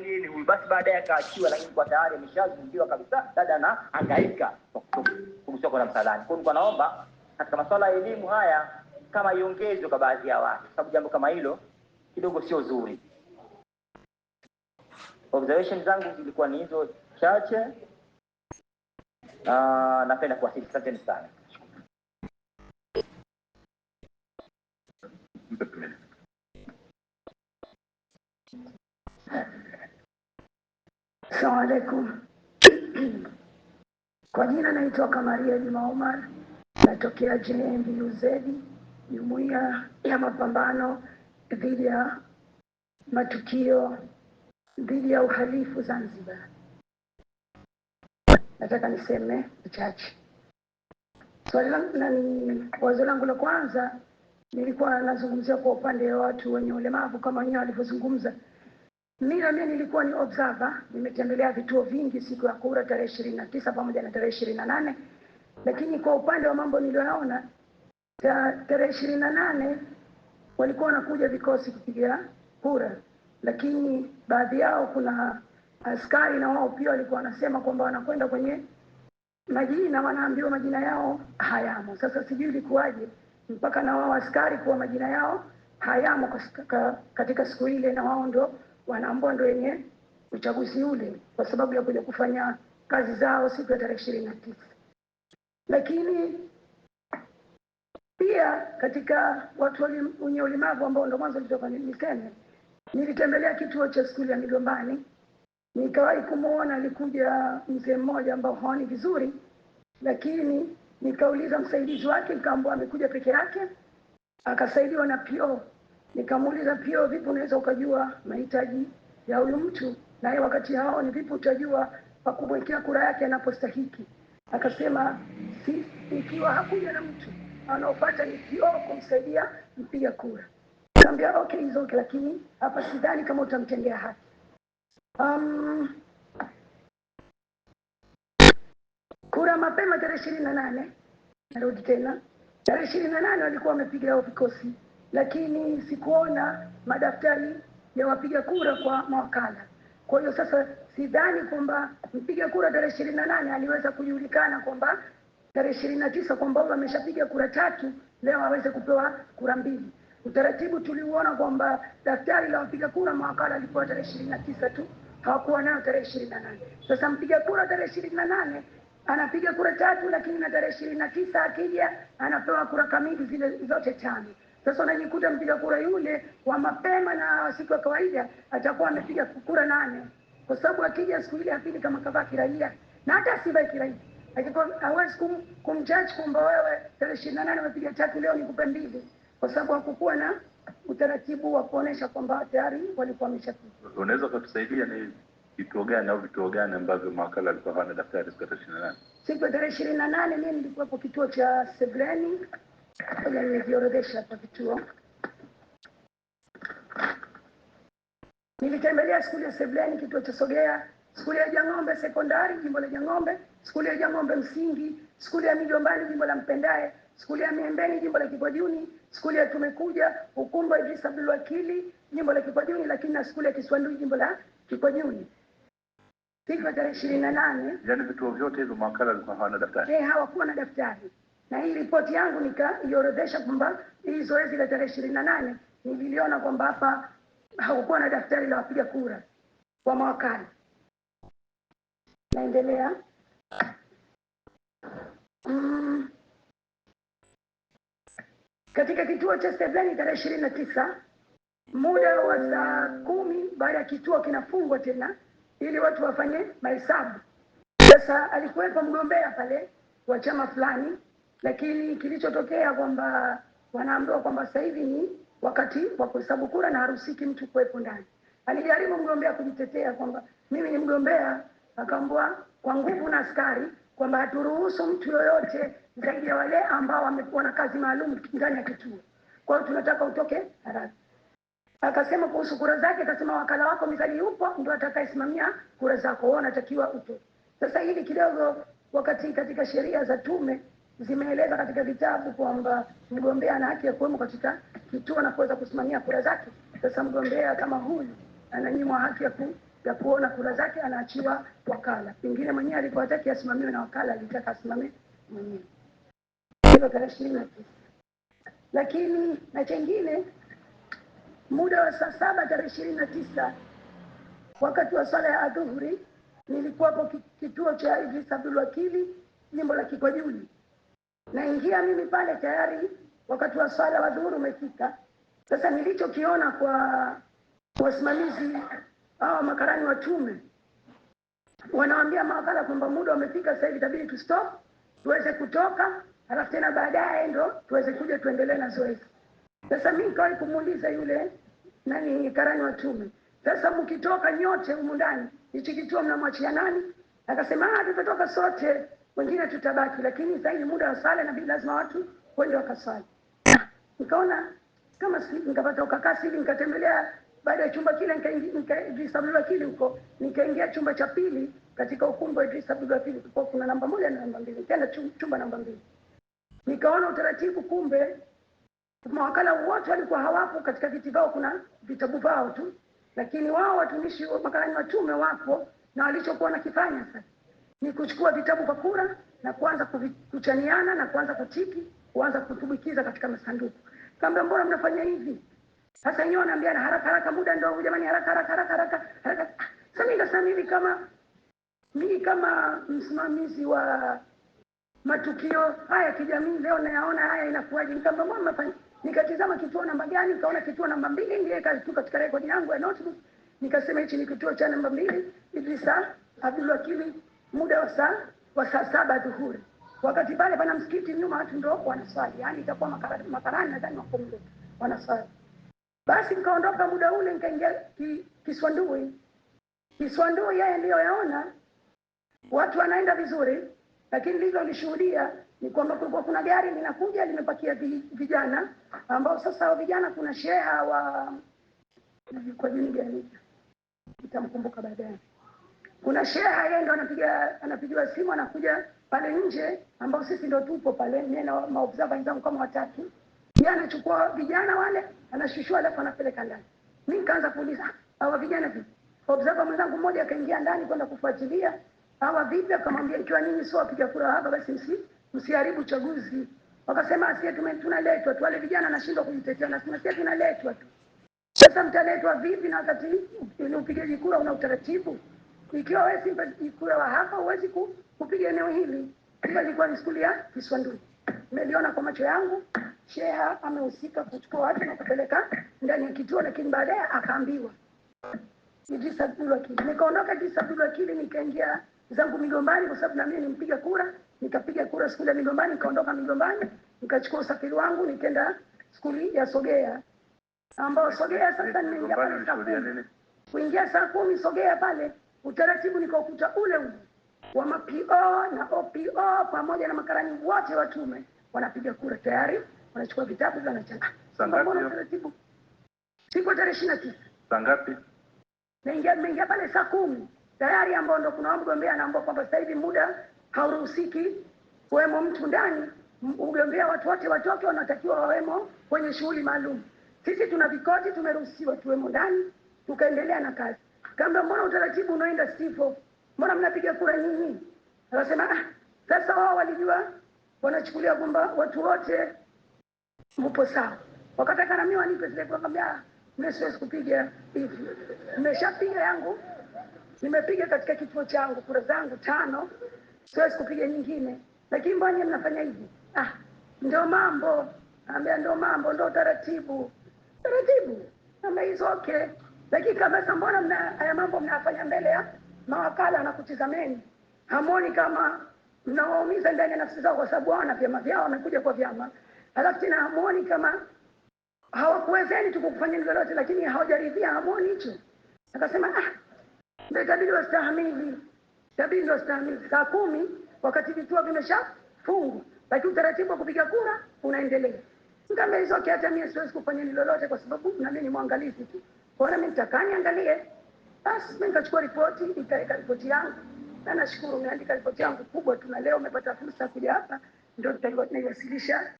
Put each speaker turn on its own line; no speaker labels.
nini huyu. Basi baadaye akaachiwa, lakini kwa tayari ameshazungiwa kabisa, dada anahangaika kumsoko na msalani. Kwa hiyo naomba katika masuala ya elimu haya kama iongezwe kwa baadhi ya watu, sababu jambo kama hilo kidogo sio zuri. Observation zangu zilikuwa ni hizo chache. Uh, napenda kuwasili. Asanteni sana.
Salamu alaikum. Kwa jina naitwa Kamaria Juma Omar, natokea JMBUZ, jumuiya ya mapambano dhidi ya matukio dhidi ya uhalifu Zanzibar. Nataka niseme chache. Swali langu wazo langu la kwanza, nilikuwa nazungumzia kwa upande wa watu wenye ulemavu kama wenyewe walivyozungumza Mira, mimi nilikuwa ni observer, nimetembelea vituo vingi siku ya kura tarehe ishirini na tisa pamoja na tarehe ishirini na nane lakini kwa upande wa mambo niliyoyaona, tarehe ishirini na nane walikuwa wanakuja vikosi kupiga kura, lakini baadhi yao kuna askari na wao pia walikuwa wanasema kwamba wanakwenda kwenye majina, wanaambiwa majina yao hayamo. Sasa sijui ilikuwaje mpaka na wao askari kuwa majina yao hayamo katika siku ile, na wao ndio ndio wenye uchaguzi ule kwa sababu ya kuja kufanya kazi zao siku ya tarehe ishirini na tisa. Lakini pia katika watu wenye ulemavu ambao ndo mwanzo nilitoka niseme, nilitembelea kituo cha skuli ya Migombani, nikawahi kumwona, alikuja mzee mmoja ambao haoni vizuri, lakini nikauliza msaidizi wake, nikaambiwa amekuja peke yake, akasaidiwa na PO Nikamuuliza pia, vipi unaweza ukajua mahitaji ya huyu mtu na wakati hao, ni vipi utajua pa kumwekea kura yake anapostahiki? Akasema si, ikiwa hakuja na mtu anaopata ni kioo kumsaidia mpiga kura. Nikamwambia okay, hizo okay, lakini hapa sidhani kama utamtendea haki. Um, kura mapema tarehe ishirini na nane narudi tena tarehe ishirini na nane walikuwa wamepiga hao vikosi lakini sikuona madaftari ya wapiga kura kwa mawakala. Kwa hiyo sasa sidhani kwamba mpiga kura tarehe ishirini na nane aliweza kujulikana kwamba tarehe ishirini na tisa kwamba huyu ameshapiga kura tatu, leo aweze kupewa kura mbili. Utaratibu tuliuona kwamba daftari la wapiga kura mawakala alipewa tarehe ishirini na tisa tu, hawakuwa nayo tarehe ishirini na nane. Sasa mpiga kura tarehe ishirini na nane anapiga kura tatu, lakini na tarehe ishirini na tisa akija anapewa kura kamili zile zote tano. Sasa unajikuta mpiga kura yule wa mapema na siku ya kawaida atakuwa amepiga kura nane, kwa sababu akija siku ile ya pili kama kavaa kiraia na hata asibaki kiraia hawezi kum, kumjaji kwamba wewe tarehe ishirini na nane umepiga tatu leo nikupe mbili, kwa sababu hakukuwa na utaratibu wa kuonyesha kwamba tayari walikuwa wameshapiga.
Unaweza ukatusaidia ni vituo gani au vituo gani ambavyo mawakala alikuwa hawana daftari siku ya tarehe ishirini na nane?
Siku ya tarehe ishirini na nane mimi nilikuwepo kituo cha Severeni Nimejiorodhesha hapa vituo. Nilitembelea skuli ya Sebleni, kituo cha Sogea, skuli ya Jang'ombe sekondari, jimbo la Jang'ombe, skuli ya Jang'ombe msingi, skuli ya Mijombani, jimbo la Mpendae, skuli ya Miembeni, jimbo la Kikwajuni, skuli ya Tumekuja, Ukumba Idris Abdul Wakili, jimbo la Kikwajuni, lakini na skuli ya Kiswandui, jimbo la Kikwajuni siku ya tarehe ishirini na nane.
Yani vituo vyote hivyo mawakala walikuwa hawana daftari,
hawakuwa na daftari na hii ripoti yangu nikaiorodhesha kwamba hili zoezi la tarehe ishirini na nane nililiona kwamba hapa hakukuwa na daftari la wapiga kura kwa mawakala. Naendelea mm. Katika kituo cha Steveni tarehe ishirini na tisa muda wa saa kumi baada ya kituo kinafungwa tena ili watu wafanye mahesabu. Sasa alikuwepo mgombea pale wa chama fulani lakini kilichotokea kwamba wanaambiwa kwamba sasa hivi ni wakati wa kuhesabu kura na harusiki mtu kuwepo ndani. Alijaribu mgombea kujitetea kwamba mimi ni mgombea, akaambiwa kwa nguvu na askari kwamba haturuhusu mtu yoyote zaidi ya wale ambao wamekuwa na kazi maalum ndani ya kituo, kwa hiyo tunataka utoke haraka. Akasema kuhusu kura zake, akasema wakala wako mizali yupo, ndio atakayesimamia kura zako, wewe unatakiwa utoke. Sasa hili kidogo, wakati katika sheria za tume zimeeleza katika vitabu kwamba mgombea ana haki ya kuwemo katika kituo na kuweza kusimamia kura zake. Sasa mgombea kama huyu ananyimwa haki ya, ku, ya kuona kura zake, anaachiwa wakala. Pengine mwenyewe alikuwa hataki asimamiwe na wakala, alitaka asimame mwenyewe, hilo tarehe ishirini na tisa. Lakini na chengine, muda wa saa saba tarehe ishirini na tisa wakati wa swala ya adhuhuri nilikuwapo kituo cha Idris Abdul Wakili, jimbo la Kikwajuni naingia mimi pale tayari, wakati wa swala wa dhuhuri umefika. Sasa nilichokiona kwa wasimamizi hawa makarani wa tume, wanawaambia mawakala kwamba muda umefika, sasa hivi itabidi tustop, tuweze kutoka, halafu tena baadaye ndo tuweze kuja tuendelee na zoezi. Sasa mi nikawahi kumuuliza yule nani karani wa tume, sasa mkitoka nyote humu ndani, hichi kituo mnamwachia nani? Akasema ah, tutatoka sote wengine tutabaki, lakini zaidi muda wa sala nabii lazima watu wende wakasali. Nikaona kama si nikapata ukakasi hivi, nikatembelea baada ya chumba kile nika Idris Abdul Wakili huko, nikaingia chumba cha pili katika ukumbi wa Idris Abdul Wakili, kulikuwa kuna namba moja na namba mbili, nikaenda chumba namba mbili, nikaona utaratibu, kumbe mawakala wote walikuwa hawapo katika viti vao, kuna vitabu vao tu, lakini wao watumishi wa makarani watume wapo na walichokuwa nakifanya sasa ni kuchukua vitabu kwa kura na kuanza kuchaniana na kuanza kutiki, kuanza kutumbukiza katika masanduku. Kaambia, mbona mnafanya hivi? Sasa wenyewe wanaambia na haraka haraka, muda ndio jamani, haraka haraka haraka haraka haraka. Sasa nikasema hivi, kama mimi kama msimamizi wa matukio haya kijamii leo nayaona haya, inakuwaje? Nikaambia mama fanya, nikatizama kituo namba gani, nikaona kituo namba mbili ndiye katu katika rekodi yangu ya notebook, nikasema hichi ni kituo cha namba mbili Idrisa Wakili muda wa saa wa saa saba dhuhuri, wakati pale pana msikiti nyuma, watu ndio wanaswali, yani itakuwa makarani, nadhani wako mle wanaswali. Basi nikaondoka muda ule nikaingia ki, Kiswandui. Kiswandui yeye ndiyo yaona watu wanaenda vizuri, lakini lilo lishuhudia ni kwamba kulikuwa kuna gari linakuja limepakia vijana ambao sasa wa vijana kuna sheha wa kwa jini gani itamkumbuka baadaye kuna sheha yeye ndo anapiga anapigiwa simu anakuja pale nje, ambao sisi ndo tupo pale, mimi na maobserva wenzangu kama watatu. Yeye anachukua vijana wale anashushua, alafu anapeleka ndani. Mimi nikaanza kuuliza ah, hawa vijana vipi? Observer mwenzangu mmoja akaingia ndani kwenda kufuatilia hawa vipi, akamwambia ikiwa nyinyi sio wapiga kura hapa, basi msi msiharibu uchaguzi. Wakasema asiye ah, tunaletwa tu, wale vijana anashindwa kujitetea, na asiye tunaletwa tu. Sasa mtaletwa vipi na wakati ni upigaji kura una utaratibu? Ikiwa wewe Simba ikuwa wa hapa huwezi kupiga eneo hili. Simba ilikuwa ni skuli ya Kiswandui, nimeliona kwa macho yangu. Sheha amehusika kuchukua watu na kupeleka ndani ya kituo, lakini baadaye akaambiwa Idris Abdul Wakili. Nikaondoka Idris Abdul Wakili, nikaingia zangu Migombani kwa sababu na mimi nimpiga kura, nikapiga kura skuli ya Migombani, nikaondoka Migombani, nikachukua usafiri wangu nikaenda skuli ya Sogea, ambao Sogea sasa nimeingia pale kuingia saa kumi Sogea pale Utaratibu nikaukuta ule ule wa mapo ah, na opo ah, pamoja na makarani wote wa tume wanapiga kura tayari, wanachukua vitabu wanachanga. Ah, utaratibu siku tarehe ishiri na tisa saa pale saa kumi tayari, ambao ndo kuna mgombea anaambua kwamba sasa hivi muda hauruhusiki kuwemo mtu ndani ugombea watu wote watoke, wanatakiwa wawemo kwenye shughuli maalum. Sisi tuna vikoti, tumeruhusiwa tuwemo ndani, tukaendelea na kazi. Kaambia, mbona utaratibu unaenda sivyo? Mbona mnapiga kura nyinyi? Akasema ah, sasa wao walijua wanachukulia kwamba watu wote mpo sawa. Wakataka na mimi wanipe zile kura, kaambia ah, mimi siwezi kupiga hivi. Nimeshapiga yangu. Nimepiga katika kituo changu kura zangu tano. Siwezi kupiga nyingine. Lakini mbona mnafanya hivi? Ah, ndio mambo. Ambia ndio mambo, ndio taratibu. Taratibu. Ama hizo okay dakika sasa, mbona mna haya mambo mnayafanya mbele ya mawakala na kutizameni? Hamoni kama mnawaumiza ndani ya nafsi zao, kwa sababu hawana vyama vyao, wamekuja kwa vyama. alafu tena hamoni kama hawakuwezeni tu kukufanyeni lolote, lakini hawajaridhia, hamoni hicho. Akasema ah, ndio itabidi wastahimili, itabidi ndio wastahimili. Saa kumi wakati vituo vimeshafungwa, lakini utaratibu wa kupiga kura unaendelea. Mkambe hizo, hata mimi siwezi kufanyeni lolote, kwa sababu na mimi ni mwangalizi tu bora mimi nitakaa niangalie. Basi mimi nikachukua ripoti, nikaweka ripoti yangu. Na nashukuru umeandika ripoti yangu kubwa tu, na leo umepata fursa kuja hapa ndio nitaiwasilisha.